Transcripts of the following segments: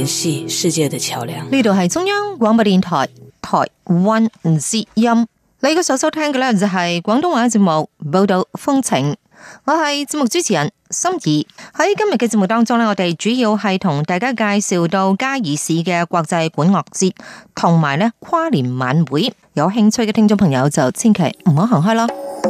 聯繫世界的橋樑。呢度係中央廣播電台台灣之音，你嘅所收聽嘅呢，就係廣東話節目報道風情。我係節目主持人心怡。喺今日嘅節目當中呢，我哋主要係同大家介紹到嘉義市嘅國際管樂節，同埋呢跨年晚會。有興趣嘅聽眾朋友就千祈唔好行開咯。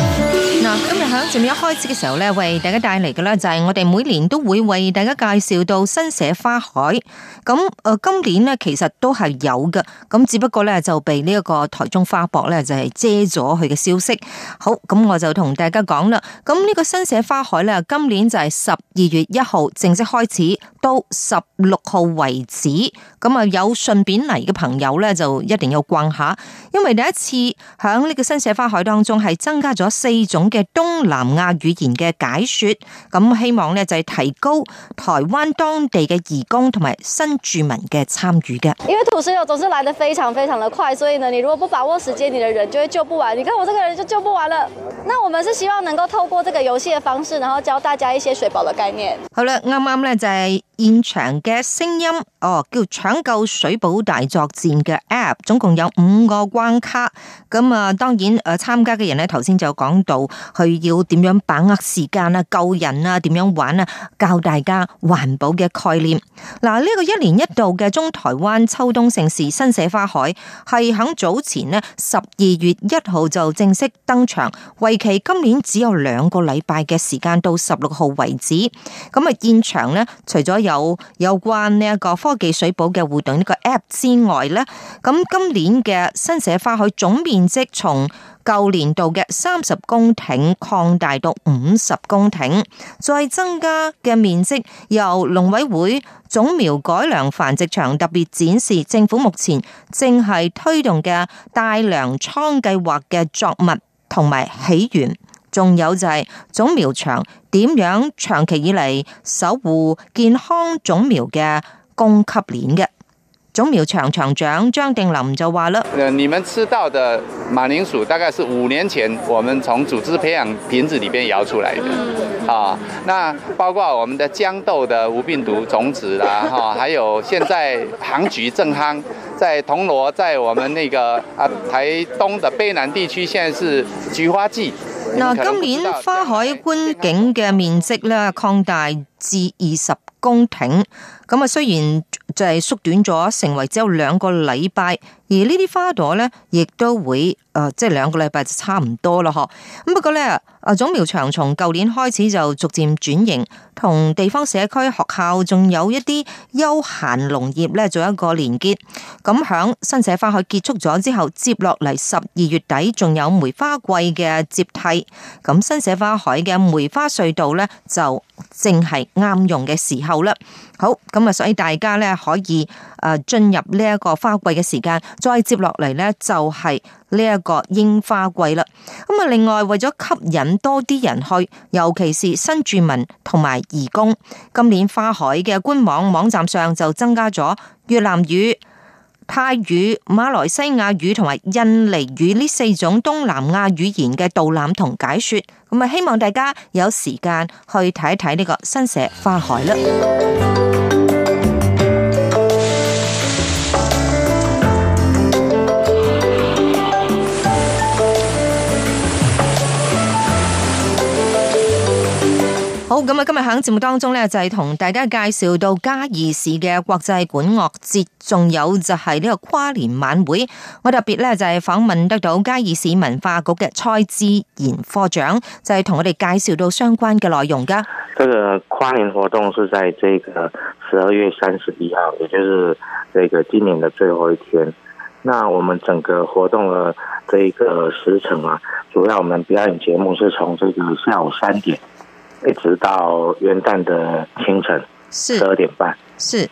今日響前面一開始嘅時候咧，為大家帶嚟嘅咧就係我哋每年都會為大家介紹到新社花海。咁誒，今年咧其實都係有嘅，咁只不過咧就被呢一個台中花博咧就係遮咗佢嘅消息。好，咁我就同大家講啦。咁呢個新社花海咧，今年就係十二月一號正式開始，到十六號為止。咁啊，有順便嚟嘅朋友咧，就一定要逛下，因為第一次響呢個新社花海當中係增加咗四種嘅。東南亞語言嘅解說，咁希望咧就係提高台灣當地嘅義工同埋新住民嘅參與嘅。因為土石流總是來得非常非常地快，所以呢，你如果不把握時間，你嘅人就會救不完。你看我這個人就救不完了。那我們是希望能夠透過這個遊戲嘅方式，然後教大家一些水保嘅概念。好啦，啱啱咧就係現場嘅聲音，哦，叫《搶救水保大作戰》嘅 App，總共有五個關卡。咁啊，當然誒，參加嘅人咧，頭先就講到。佢要點樣把握時間啊？救人啊？點樣玩啊？教大家環保嘅概念。嗱、啊，呢、這個一年一度嘅中台灣秋冬盛事新社花海係喺早前呢十二月一號就正式登場，為期今年只有兩個禮拜嘅時間，到十六號為止。咁啊，現場呢，除咗有有關呢一個科技水保嘅互動呢個 app 之外，呢，咁、啊、今年嘅新社花海總面積從舊年度嘅三十公頃擴大到五十公頃，再增加嘅面積由農委會種苗改良繁殖場特別展示政府目前正係推動嘅大糧倉計劃嘅作物同埋起源，仲有就係種苗場點樣長期以嚟守護健康種苗嘅供給鏈嘅。種苗場場長張定林就話了呃，你們吃到的馬鈴薯，大概是五年前，我們從組織培養瓶子裡邊搖出來的，啊，那包括我們的豇豆的無病毒種子啦，哈，還有現在杭菊正夯，在銅鑼，在我們那個啊台東的卑南地區，現在是菊花季。那今年花海觀景嘅面積呢擴大至二十。宮廷咁啊，雖然就係縮短咗，成為只有兩個禮拜，而呢啲花朵咧，亦都會誒即係兩個禮拜就差唔多啦，嗬，咁不過咧，啊種苗場從舊年開始就逐漸轉型，同地方社區學校仲有一啲休閒農業咧做一個連結，咁響新社花海結束咗之後接落嚟十二月底仲有梅花季嘅接替。咁新社花海嘅梅花隧道咧，就正係啱用嘅時候。好，咁啊，所以大家咧可以誒進入呢一個花季嘅時間，再接落嚟咧就係呢一個櫻花季啦。咁啊，另外為咗吸引多啲人去，尤其是新住民同埋移工，今年花海嘅官網網站上就增加咗越南語、泰語、馬來西亞語同埋印尼語呢四種東南亞語言嘅導覽同解說，咁啊希望大家有時間去睇一睇呢個新社花海啦。咁啊，今日喺節目當中呢，就係同大家介紹到嘉義市嘅國際管樂節，仲有就係呢個跨年晚會。我特別呢就係訪問得到嘉義市文化局嘅蔡志賢科長，就係、是、同我哋介紹到相關嘅內容噶。呢個跨年活動是在這個十二月三十一號，也就是這個今年的最後一天。那我們整個活動嘅這個時程啊，主要我們表演節目是從這個下午三點。一直到元旦的清晨十二點半，是，是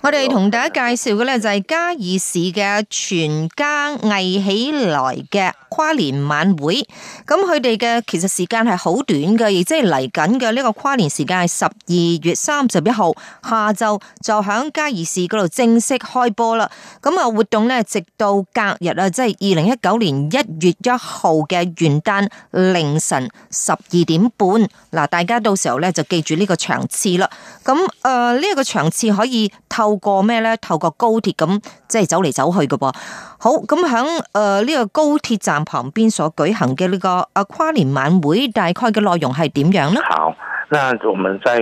我哋同大家介紹嘅咧，就係嘉義市嘅全家嗌起來嘅跨年晚會，咁佢哋嘅其實時間係好短嘅，亦即係嚟緊嘅呢個跨年時間係十二月三十一號下晝就響嘉義市嗰度正式開波啦。咁啊活動咧，直到隔日啊，即係二零一九年一月一號嘅元旦凌晨十二點半，嗱，大家到時候咧就記住呢個場次啦。咁誒呢一個場次可以透過咩咧？透過高鐵咁即係走嚟走去嘅噃，哦。好，咁響誒呢個高鐵站，旁邊所舉行嘅呢個啊跨年晚會，大概嘅內容係點樣呢？好，那我們在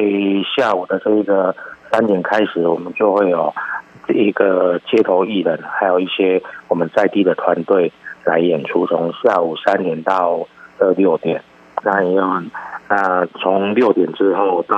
下午的這一個三點開始，我們就會有一個街頭藝人，還有一些我們在地的團隊來演出，從下午三點到六點。那又，那從六點之後到。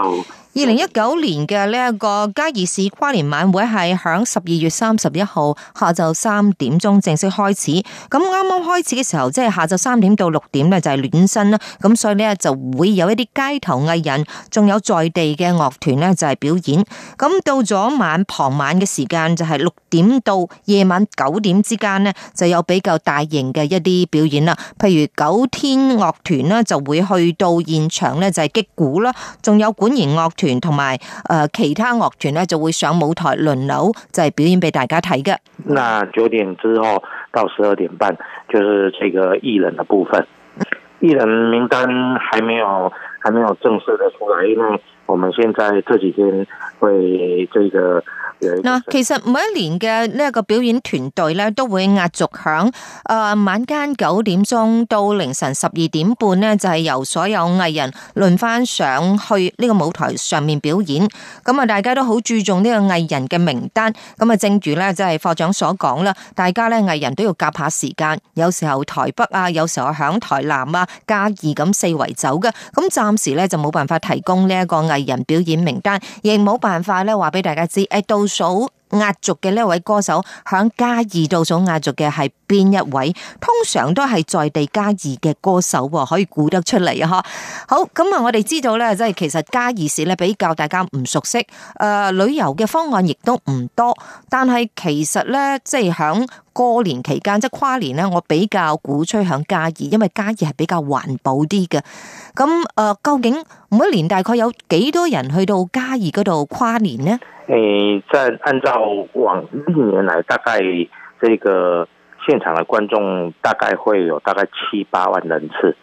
二零一九年嘅呢一個嘉義市跨年晚會係響十二月三十一號下晝三點鐘正式開始。咁啱啱開始嘅時候，即係下晝三點到六點咧就係暖身啦。咁所以咧就會有一啲街頭藝人，仲有在地嘅樂團咧就係表演。咁到咗晚傍晚嘅時間，就係六點到夜晚九點之間咧，就有比較大型嘅一啲表演啦。譬如九天樂團咧就會去到現場咧就係擊鼓啦，仲有管弦樂團。團同埋誒其他樂團呢，就會上舞台輪流就係表演俾大家睇嘅。那九點之後到十二點半，就是這個藝人的部分。藝人名單還沒有，還沒有正式的出來，因為。我們現在這幾天會這個嗱，其實每一年嘅呢一個表演團隊呢都會壓軸響，誒、呃、晚間九點鐘到凌晨十二點半呢就係、是、由所有藝人輪翻上去呢個舞台上面表演。咁啊，大家都好注重呢個藝人嘅名單。咁啊，正如呢，就係、是、課長所講啦，大家呢藝人都要夾下時間，有時候台北啊，有時候響台南啊，加二咁四圍走嘅。咁暫時呢，就冇辦法提供呢一個藝。藝人表演名單，亦冇辦法咧，話俾大家知。誒，倒數壓軸嘅呢位歌手響嘉義倒數壓軸嘅係邊一位？通常都係在地嘉義嘅歌手，可以估得出嚟啊！哈，好咁啊！我哋知道咧，即係其實嘉義市咧，比較大家唔熟悉。誒、呃，旅遊嘅方案亦都唔多，但係其實咧，即係響過年期間，即係跨年咧，我比較鼓吹響嘉義，因為嘉義係比較環保啲嘅。咁誒、呃，究竟？每一年大概有幾多人去到嘉義嗰度跨年呢？誒、欸，即按照往一年嚟，大概這個現場的觀眾大概會有大概七八萬人次。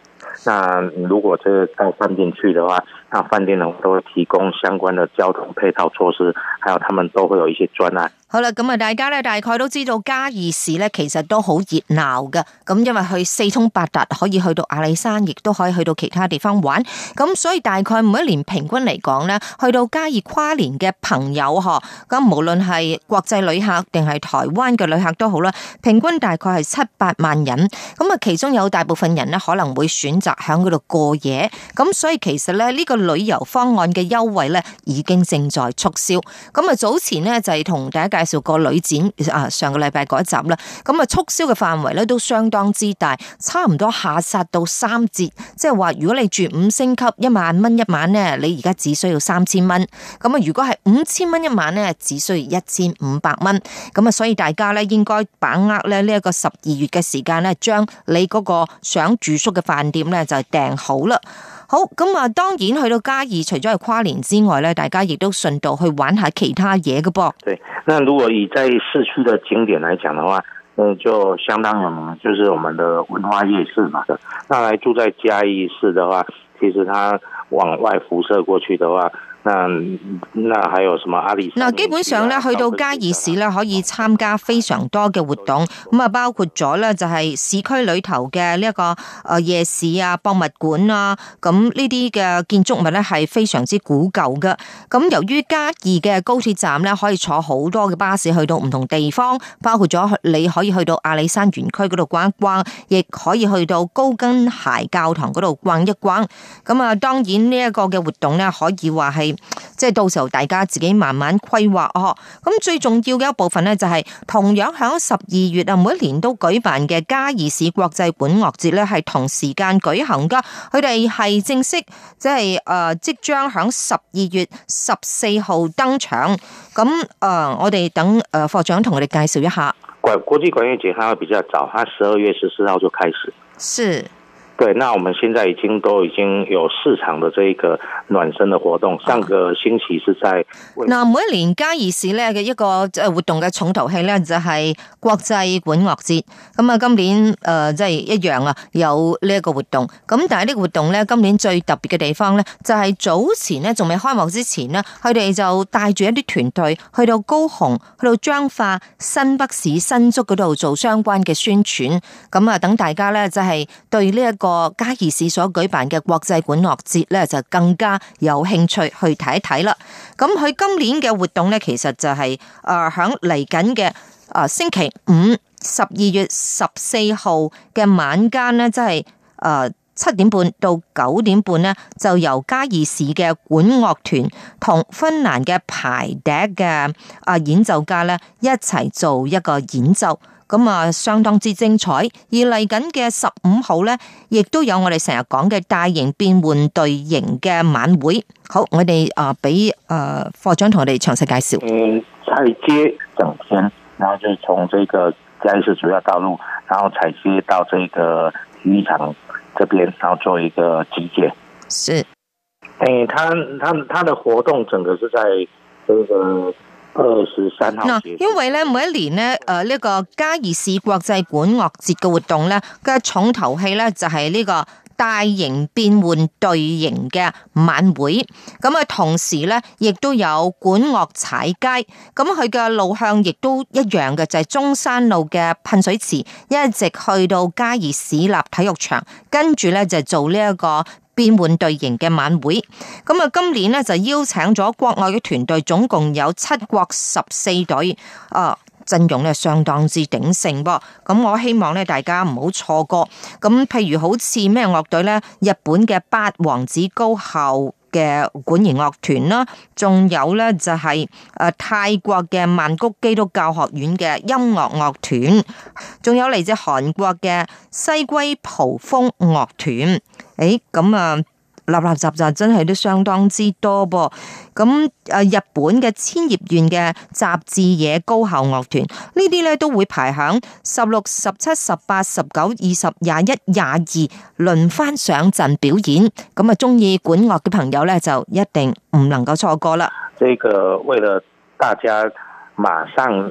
那如果這個再算進去的話。那飯店呢都會提供相關的交通配套措施，還有他們都會有一些專案。好啦，咁啊，大家咧大概都知道嘉義市咧，其實都好熱鬧噶。咁因為去四通八達，可以去到阿里山，亦都可以去到其他地方玩。咁所以大概每一年平均嚟講咧，去到嘉義跨年嘅朋友嗬，咁無論係國際旅客定係台灣嘅旅客都好啦，平均大概係七八萬人。咁啊，其中有大部分人咧可能會選擇響嗰度過夜。咁所以其實咧、這、呢個。旅遊方案嘅優惠咧，已經正在促銷。咁啊，早前呢，就係同大家介紹過旅展啊，上個禮拜嗰一集啦。咁啊，促銷嘅範圍咧都相當之大，差唔多下殺到三折。即係話，如果你住五星級，一萬蚊一晚咧，你而家只需要三千蚊。咁啊，如果係五千蚊一晚咧，只需要一千五百蚊。咁啊，所以大家咧應該把握咧呢一個十二月嘅時間咧，將你嗰個想住宿嘅飯店咧就訂好啦。好，咁啊，當然去到嘉義，除咗係跨年之外咧，大家亦都順道去玩下其他嘢嘅噃。對，那如果以在市區的景點來講的話，嗯，就相當於就是我們的文化夜市嘛。咁，那住在嘉義市的話，其實它往外輻射過去的話。還有什麼阿里？嗱，基本上咧，去到嘉義市咧，可以參加非常多嘅活動，咁啊，包括咗咧，就係市區裏頭嘅呢一個誒夜市啊、博物館啊，咁呢啲嘅建築物咧係非常之古舊嘅。咁由於嘉義嘅高鐵站咧，可以坐好多嘅巴士去到唔同地方，包括咗你可以去到阿里山園區嗰度逛一逛，亦可以去到高跟鞋教堂嗰度逛一逛。咁啊，當然呢一個嘅活動咧，可以話係。即係到時候大家自己慢慢規劃哦。咁最重要嘅一部分呢，就係同樣響十二月啊，每一年都舉辦嘅嘉義市國際管樂節咧，係同時間舉行噶。佢哋係正式即係誒，即將響十二月十四號登場。咁誒、呃，我哋等誒課長同我哋介紹一下。國際管國際管樂節，它比較早，它十二月十四號就開始。是。對，那我們現在已經都已經有市場的這一個暖身的活動。上個星期是在。嗱、啊，那每一年嘉義市咧嘅一個誒活動嘅重頭戲呢就係、是、國際管樂節。咁啊，今年誒即係一樣啊，有呢一個活動。咁但係呢個活動咧，今年最特別嘅地方呢，就係、是、早前呢，仲未開幕之前呢，佢哋就帶住一啲團隊，去到高雄、去到彰化、新北市新竹嗰度做相關嘅宣傳。咁啊，等大家呢，就係、是、對呢、這、一個。個嘉義市所舉辦嘅國際管樂節咧，就更加有興趣去睇一睇啦。咁佢今年嘅活動咧，其實就係誒響嚟緊嘅誒星期五十二月十四號嘅晚間咧，即係誒七點半到九點半咧，就由嘉義市嘅管樂團同芬蘭嘅排笛嘅誒演奏家咧一齊做一個演奏。咁啊，相當之精彩。而嚟緊嘅十五號呢，亦都有我哋成日講嘅大型變換隊形嘅晚會。好，我哋啊，俾誒課長同我哋詳細介紹。嗯，踩街整天，然後就從這個街市主要道路，然後踩街到這個體育場這邊，然後做一個集結。是，誒、呃，他他他的活動整個是在這個。二十三號。嗱，因為咧每一年咧，誒呢個嘉義市國際管樂節嘅活動咧，嘅重頭戲咧就係呢個大型變換隊形嘅晚會。咁啊，同時咧亦都有管樂踩街，咁佢嘅路向亦都一樣嘅，就係中山路嘅噴水池，一直去到嘉義市立體育場，跟住咧就做呢一個。變換隊形嘅晚會，咁啊，今年咧就邀請咗國外嘅團隊，總共有七國十四隊，啊陣容咧相當之鼎盛噃。咁我希望咧大家唔好錯過。咁譬如好似咩樂隊呢？日本嘅八王子高校嘅管弦樂團啦，仲有呢就係誒泰國嘅曼谷基督教學院嘅音樂樂團，仲有嚟自韓國嘅西歸浦風樂團。誒，咁啊、哎，立立雜雜真係都相當之多噃。咁誒，日本嘅千葉縣嘅習志野高校樂團呢啲咧都會排響十六、十七、十八、十九、二十、廿一、廿二，輪番上陣表演。咁啊，中意管樂嘅朋友咧就一定唔能夠錯過啦。呢個為了大家馬上。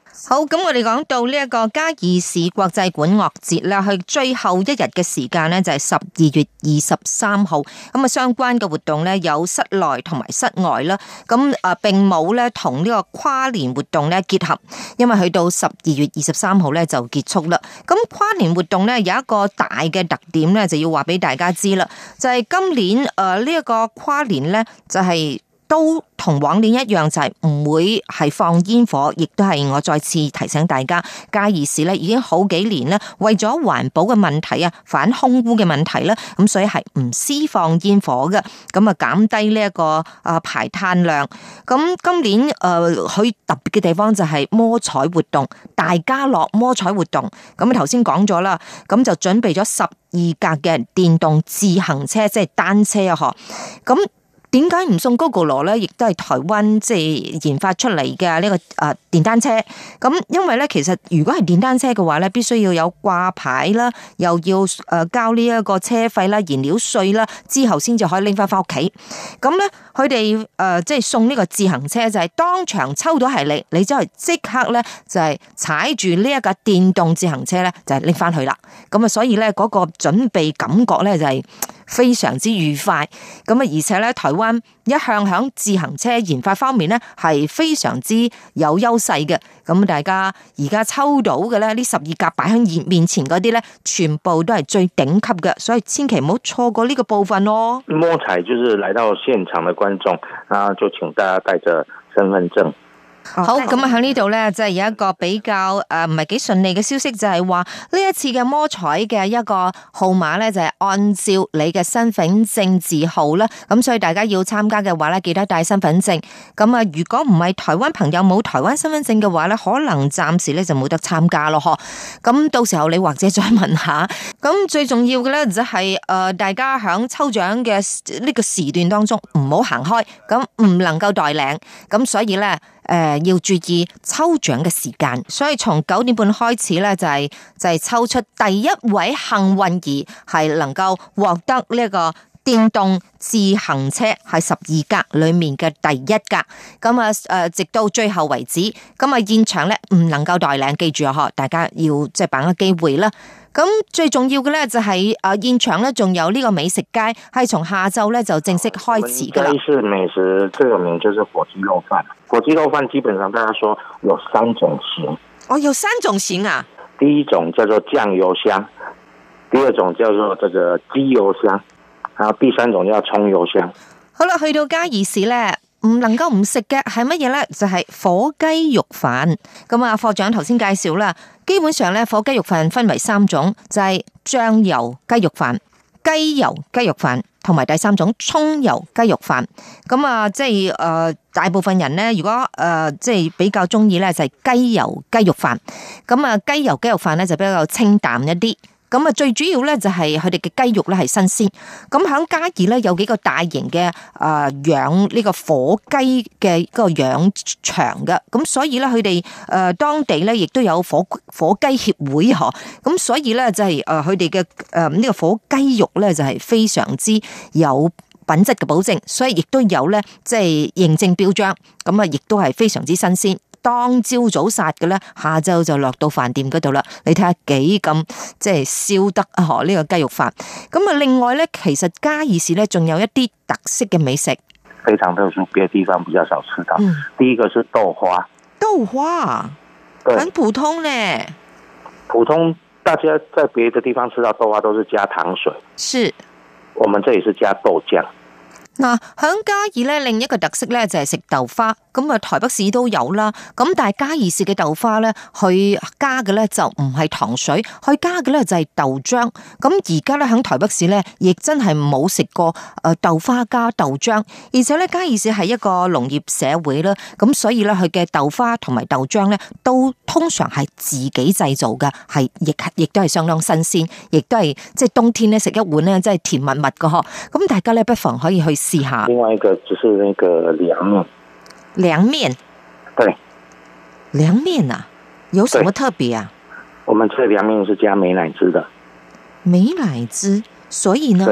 好，咁我哋講到呢一個嘉義市國際管樂節咧，去最後一日嘅時間呢，就係十二月二十三號。咁啊，相關嘅活動呢，有室內同埋室外啦。咁啊，並冇呢，同呢個跨年活動呢結合，因為去到十二月二十三號呢就結束啦。咁跨年活動呢，有一個大嘅特點呢，就要話俾大家知啦，就係今年誒呢一個跨年呢，就係。都同往年一樣，就係、是、唔會係放煙火，亦都係我再次提醒大家，嘉義市咧已經好幾年啦，為咗環保嘅問題啊，反空污嘅問題啦，咁所以係唔施放煙火嘅，咁啊減低呢一個啊排碳量。咁今年誒、呃、去特別嘅地方就係摸彩活動，大家樂摸彩活動。咁啊，頭先講咗啦，咁就準備咗十二格嘅電動自行車，即、就、係、是、單車啊，嗬，咁。點解唔送 Gogoro 咧？亦都係台灣即係研發出嚟嘅呢個啊電單車。咁因為咧，其實如果係電單車嘅話咧，必須要有掛牌啦，又要誒交呢一個車費啦、燃料稅啦，之後先至可以拎翻翻屋企。咁咧，佢哋誒即係送呢個自行車就係、是、當場抽到係你，你即係即刻咧就係踩住呢一架電動自行車咧就係拎翻去啦。咁啊，所以咧嗰個準備感覺咧就係、是。非常之愉快，咁啊！而且咧，台灣一向響自行車研發方面咧，係非常之有優勢嘅。咁大家而家抽到嘅咧，呢十二格擺喺面前嗰啲咧，全部都係最頂級嘅，所以千祈唔好錯過呢個部分哦。摸彩就是嚟到現場嘅觀眾，啊，就請大家帶着身份證。好咁啊！喺呢度呢，即係有一個比較誒唔係幾順利嘅消息，就係話呢一次嘅摸彩嘅一個號碼呢，就係按照你嘅身份證字號啦。咁所以大家要參加嘅話呢，記得帶身份證。咁啊，如果唔係台灣朋友冇台灣身份證嘅話呢，可能暫時呢就冇得參加咯。嗬。咁到時候你或者再問下。咁最重要嘅呢就係誒，大家喺抽獎嘅呢個時段當中唔好行開，咁唔能夠代領。咁所以呢。誒、呃，要注意抽獎嘅時間，所以從九點半開始咧，就係就係抽出第一位幸運兒，係能夠獲得呢個電動自行車，係十二格裏面嘅第一格。咁啊誒，直到最後為止，咁啊現場咧唔能夠代領，記住啊，嗬，大家要即係把握機會啦。咁最重要嘅咧就係誒現場咧，仲有呢個美食街係從下晝咧就正式開始嘅啦。威美食最有，這個，名就是火雞肉飯，火雞肉飯基本上大家說有三種型。哦，有三種型啊！第一種叫做醬油香，第二種叫做這個雞油香，然後第三種叫蔥油香。好啦，去到嘉義市咧。唔能夠唔食嘅係乜嘢呢？就係、是、火雞肉飯。咁啊，課長頭先介紹啦，基本上咧火雞肉飯分為三種，就係、是、醬油雞肉飯、雞油雞肉飯，同埋第三種蔥油雞肉飯。咁、嗯、啊，即係誒，大部分人咧，如果誒即係比較中意咧，就係雞油雞肉飯。咁啊，雞油雞肉飯咧就比較清淡一啲。咁啊，最主要咧就係佢哋嘅雞肉咧係新鮮。咁響嘉義咧有幾個大型嘅啊養呢個火雞嘅嗰個養場嘅，咁所以咧佢哋誒當地咧亦都有火火雞協會嗬，咁所以咧就係誒佢哋嘅誒呢個火雞肉咧就係非常之有品質嘅保證，所以亦都有咧即係認證表彰，咁啊亦都係非常之新鮮。當朝早殺嘅咧，下晝就落到飯店嗰度啦。你睇下幾咁即係燒得啊！呢、這個雞肉飯咁啊。另外咧，其實嘉義市咧仲有一啲特色嘅美食，非常特殊，別地方比較少吃到。嗯、第一個是豆花，豆花，對很普通咧。普通大家在別的地方吃到豆花都是加糖水，是我們這裏是加豆醬。嗱、啊，響嘉義咧，另一個特色咧就係、是、食豆花。咁啊，台北市都有啦。咁但係嘉義市嘅豆花咧，佢加嘅咧就唔係糖水，佢加嘅咧就係豆漿。咁而家咧響台北市咧，亦真係冇食過誒豆花加豆漿。而且咧嘉義市係一個農業社會啦，咁所以咧佢嘅豆花同埋豆漿咧，都通常係自己製造嘅，係亦亦都係相當新鮮，亦都係即係冬天咧食一碗咧，真係甜蜜蜜嘅嗬。咁大家咧不妨可以去試下。另外一個就是那個涼啊。涼麵，涼，對，涼麵啊，有什麼特別啊？我們吃涼麵是加美乃滋的，美乃滋，所以呢？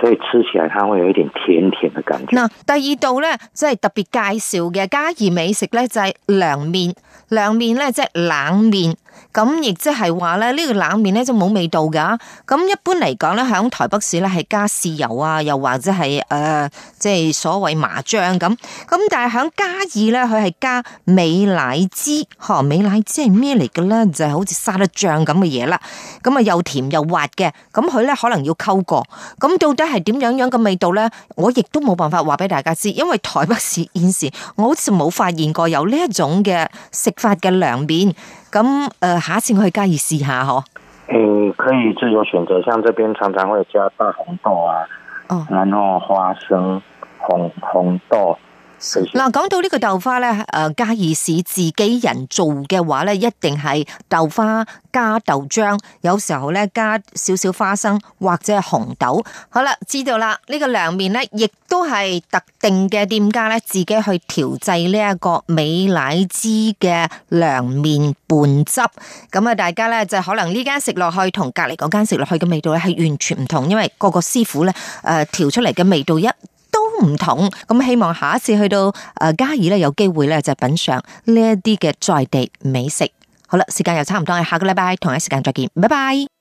所以吃起來它會有一點甜甜的感覺。嗱，第二道咧即係特別介紹嘅嘉義美食咧就係涼麵，涼麵咧即係冷麵，咁亦即係話咧呢、這個冷麵咧就冇味道噶、啊。咁一般嚟講咧響台北市咧係加豉油啊，又或者係誒即係所謂麻醬咁。咁但係響嘉義咧佢係加美奶滋，嗬、啊，美奶滋係咩嚟嘅咧？就係、是、好似沙律醬咁嘅嘢啦。咁啊又甜又滑嘅，咁佢咧可能要溝過，咁到係點樣樣嘅味道呢？我亦都冇辦法話俾大家知，因為台北市現時我好似冇發現過有呢一種嘅食法嘅涼麵。咁誒、呃，下次我去加以試下嗬、欸。可以自由選擇，像這邊常常會加大紅豆啊，哦、然後花生、紅紅豆。嗱，講到呢個豆花呢，誒，嘉義市自己人做嘅話呢，一定係豆花加豆漿，有時候呢，加少少花生或者係紅豆。好啦，知道啦。呢、呢個涼麵呢，亦都係特定嘅店家呢，自己去調製呢一個美乃滋嘅涼麵拌汁。咁啊，大家呢，就可能呢間食落去同隔籬嗰間食落去嘅味道呢，係完全唔同，因為各個師傅呢，誒，調出嚟嘅味道一。唔同，咁希望下一次去到誒嘉義呢，有機會呢，就品嘗呢一啲嘅在地美食。好啦，時間又差唔多，下個禮拜同一時間再見，拜拜。